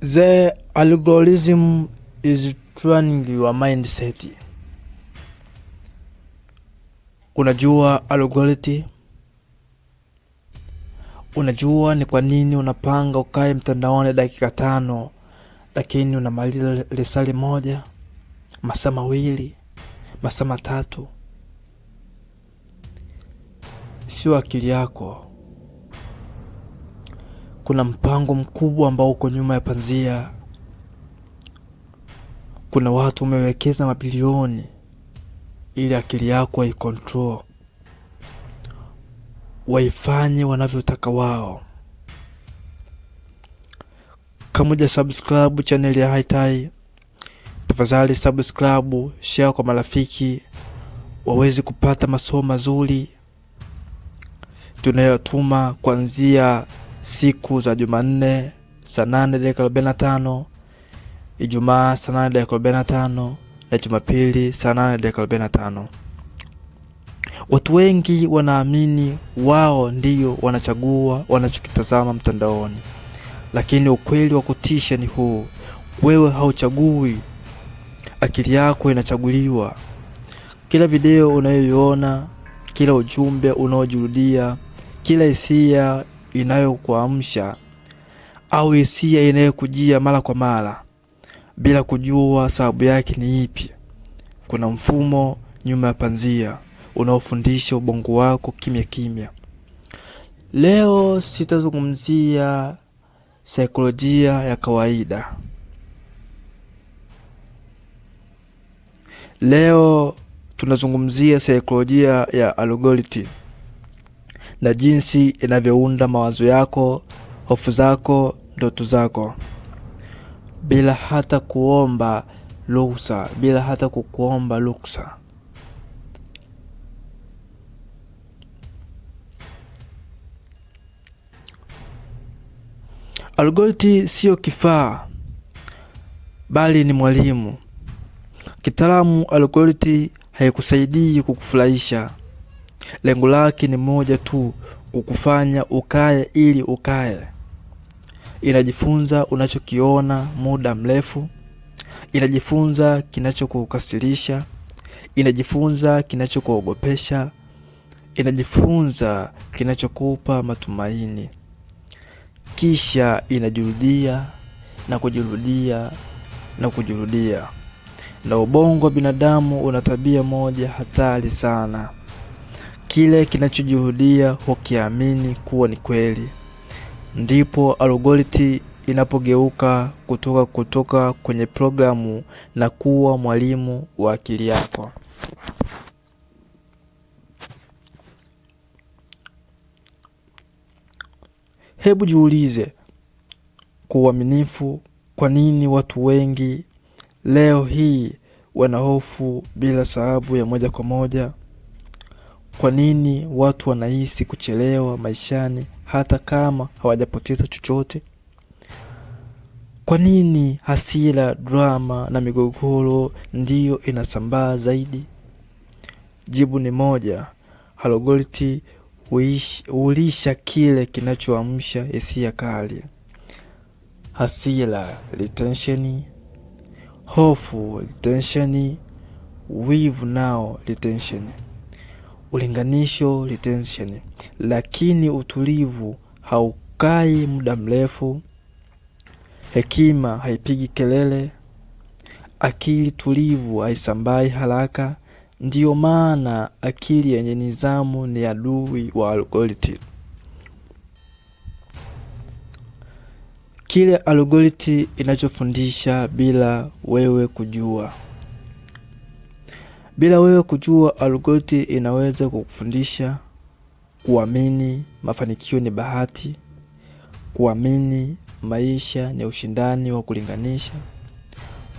The algorithm is training your mindset. Unajua algorithm? Unajua ni kwa nini unapanga ukae mtandaoni dakika tano lakini unamaliza lisali moja, masaa mawili, masaa matatu? Sio akili yako kuna mpango mkubwa ambao uko nyuma ya panzia. Kuna watu wamewekeza mabilioni ili akili yako waikontrol, waifanye wanavyotaka wao. Kama uja subscribe channel ya Haitai, tafadhali subscribe, share kwa marafiki waweze kupata masomo mazuri tunayotuma kuanzia siku za Jumanne saa nane dakika arobaini na tano Ijumaa saa nane dakika arobaini na tano na Jumapili saa nane dakika arobaini na tano. Watu wengi wanaamini wao ndio wanachagua wanachokitazama mtandaoni, lakini ukweli wa kutisha ni huu: wewe hauchagui, akili yako inachaguliwa. Kila video unayoiona, kila ujumbe unaojirudia, kila hisia inayokuamsha au hisia inayokujia mara kwa mara bila kujua sababu yake ni ipi. Kuna mfumo nyuma ya panzia unaofundisha ubongo wako kimya kimya. Leo sitazungumzia saikolojia ya kawaida. Leo tunazungumzia saikolojia ya algorithm na jinsi inavyounda mawazo yako, hofu zako, ndoto zako, bila hata kuomba ruhusa, bila hata kukuomba ruhusa. Algoriti siyo kifaa bali ni mwalimu. Kitaalamu, algoriti haikusaidii kukufurahisha, lengo lake ni moja tu, kukufanya ukae ili ukae. Inajifunza unachokiona muda mrefu, inajifunza kinachokukasirisha, inajifunza kinachokuogopesha, inajifunza kinachokupa matumaini, kisha inajirudia na kujirudia na kujirudia. Na ubongo wa binadamu una tabia moja hatari sana kile kinachojuhudia hukiamini kuwa ni kweli. Ndipo algoriti inapogeuka kutoka kutoka kwenye programu na kuwa mwalimu wa akili yako. Hebu jiulize kwa uaminifu, kwa nini watu wengi leo hii wana hofu bila sababu ya moja kwa moja? Kwa nini watu wanahisi kuchelewa maishani hata kama hawajapoteza chochote? Kwa nini hasira, drama na migogoro ndiyo inasambaa zaidi? Jibu ni moja. halogoriti hulisha kile kinachoamsha hisia kali: hasira litensheni hofu litensheni wivu nao litensheni ulinganisho retention, lakini utulivu haukai muda mrefu. Hekima haipigi kelele, akili tulivu haisambai haraka. Ndiyo maana akili yenye nidhamu ni adui wa algorithm. Kile algorithm inachofundisha bila wewe kujua. Bila wewe kujua, algorithm inaweza kukufundisha kuamini mafanikio ni bahati, kuamini maisha ni ushindani wa kulinganisha,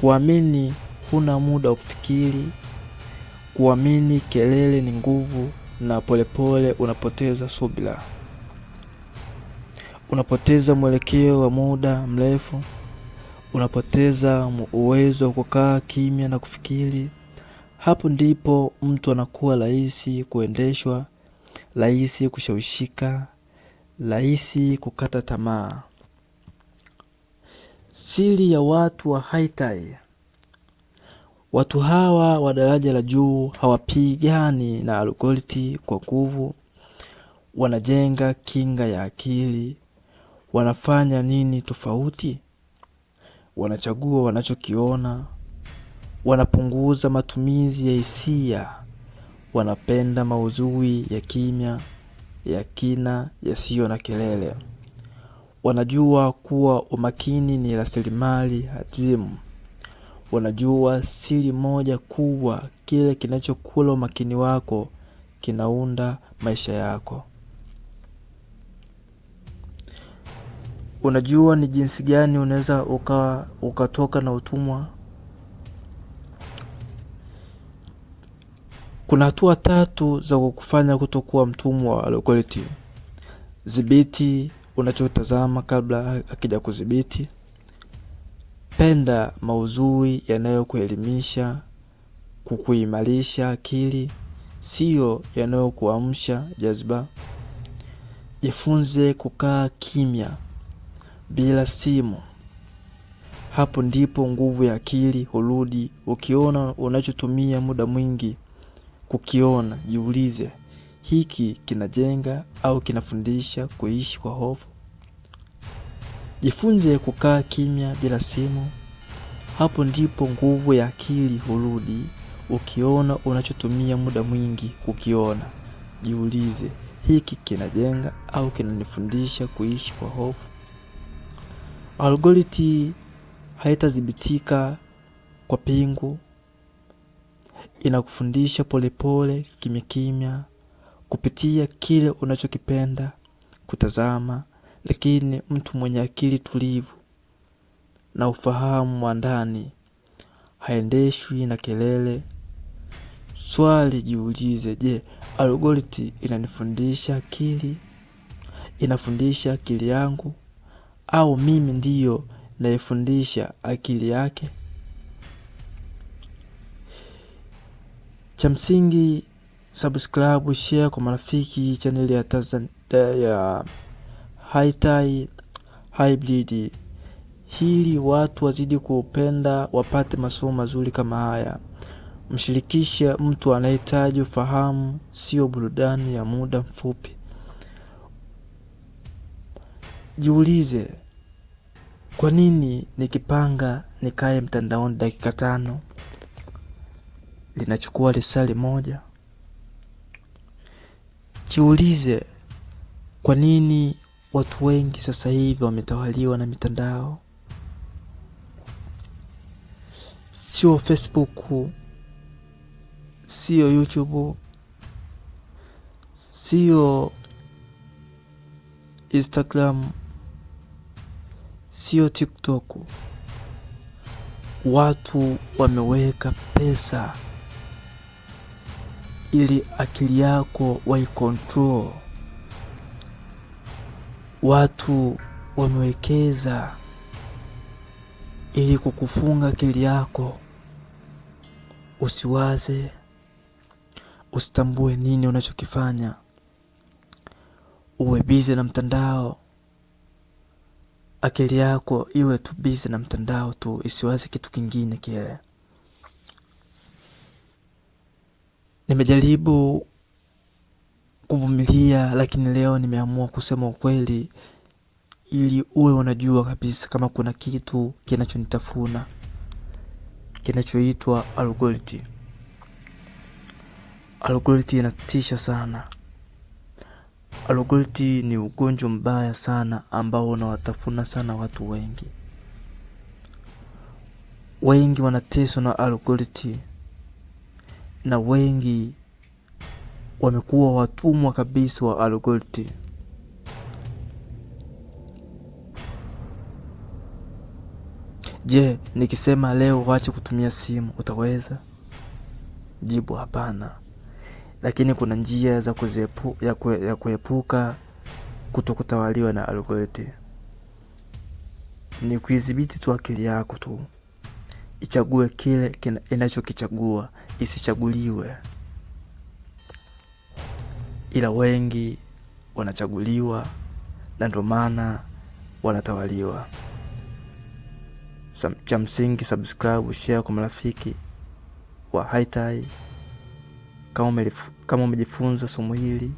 kuamini huna muda wa kufikiri, kuamini kelele ni nguvu, na polepole unapoteza subira, unapoteza mwelekeo wa muda mrefu, unapoteza uwezo wa kukaa kimya na kufikiri. Hapo ndipo mtu anakuwa rahisi kuendeshwa, rahisi kushawishika, rahisi kukata tamaa. Siri ya watu wa haitai Watu hawa wa daraja la juu hawapigani na algoriti kwa nguvu, wanajenga kinga ya akili. Wanafanya nini tofauti? Wanachagua wanachokiona wanapunguza matumizi ya hisia, wanapenda mauzui ya kimya, ya kina, yasiyo na kelele. Wanajua kuwa umakini ni rasilimali adimu. Wanajua siri moja kubwa, kile kinachokula umakini wako kinaunda maisha yako. Unajua ni jinsi gani unaweza uka, ukatoka na utumwa Kuna hatua tatu za kukufanya kutokuwa mtumwa wa algorithm. Dhibiti unachotazama kabla akija kudhibiti. Penda mauzui yanayokuelimisha, kukuimarisha akili, siyo yanayokuamsha jazba. Jifunze kukaa kimya bila simu. Hapo ndipo nguvu ya akili hurudi ukiona unachotumia muda mwingi kukiona, jiulize hiki kinajenga au kinafundisha kuishi kwa hofu? Jifunze kukaa kimya bila simu. Hapo ndipo nguvu ya akili hurudi. Ukiona unachotumia muda mwingi kukiona, jiulize hiki kinajenga au kinanifundisha kuishi kwa hofu? algoriti haitadhibitika kwa pingu inakufundisha polepole kimyakimya kupitia kile unachokipenda kutazama, lakini mtu mwenye akili tulivu na ufahamu wa ndani haendeshwi na kelele. Swali jiulize, je, algoriti inanifundisha akili? Inafundisha akili yangu au mimi ndiyo naifundisha akili yake? Cha msingi subscribe, share kwa marafiki channel ya Tanzania eh, ya hi Hybrid ili watu wazidi kuupenda wapate masomo mazuri kama haya. Mshirikishe mtu anayehitaji ufahamu, sio burudani ya muda mfupi. Jiulize, kwa nini nikipanga nikae mtandaoni dakika tano? linachukua lisali moja. Jiulize kwa nini watu wengi sasa hivi wametawaliwa na mitandao, sio Facebook, sio YouTube, sio Instagram, sio TikTok. Watu wameweka pesa ili akili yako waikontrol. Watu wamewekeza ili kukufunga akili yako usiwaze, usitambue nini unachokifanya, uwe bize na mtandao, akili yako iwe tu bize na mtandao tu, isiwaze kitu kingine kile. Nimejaribu kuvumilia lakini leo nimeamua kusema ukweli ili uwe unajua kabisa kama kuna kitu kinachonitafuna kinachoitwa algoriti. Algoriti inatisha sana. Algoriti ni ugonjwa mbaya sana ambao unawatafuna sana watu wengi. Wengi wanateswa na algoriti na wengi wamekuwa watumwa kabisa wa algorti. Je, nikisema leo wache kutumia simu utaweza? Jibu hapana, lakini kuna njia za kuzepu, ya, kue, ya kuepuka kutokutawaliwa na algoriti. Ni kuidhibiti tu akili yako tu ichague kile inachokichagua, isichaguliwe. Ila wengi wanachaguliwa na ndio maana wanatawaliwa. Cha msingi, subscribe, share kwa marafiki wa Haitai. Kama umejifunza somo hili,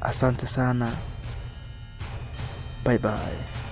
asante sana. Bye bye.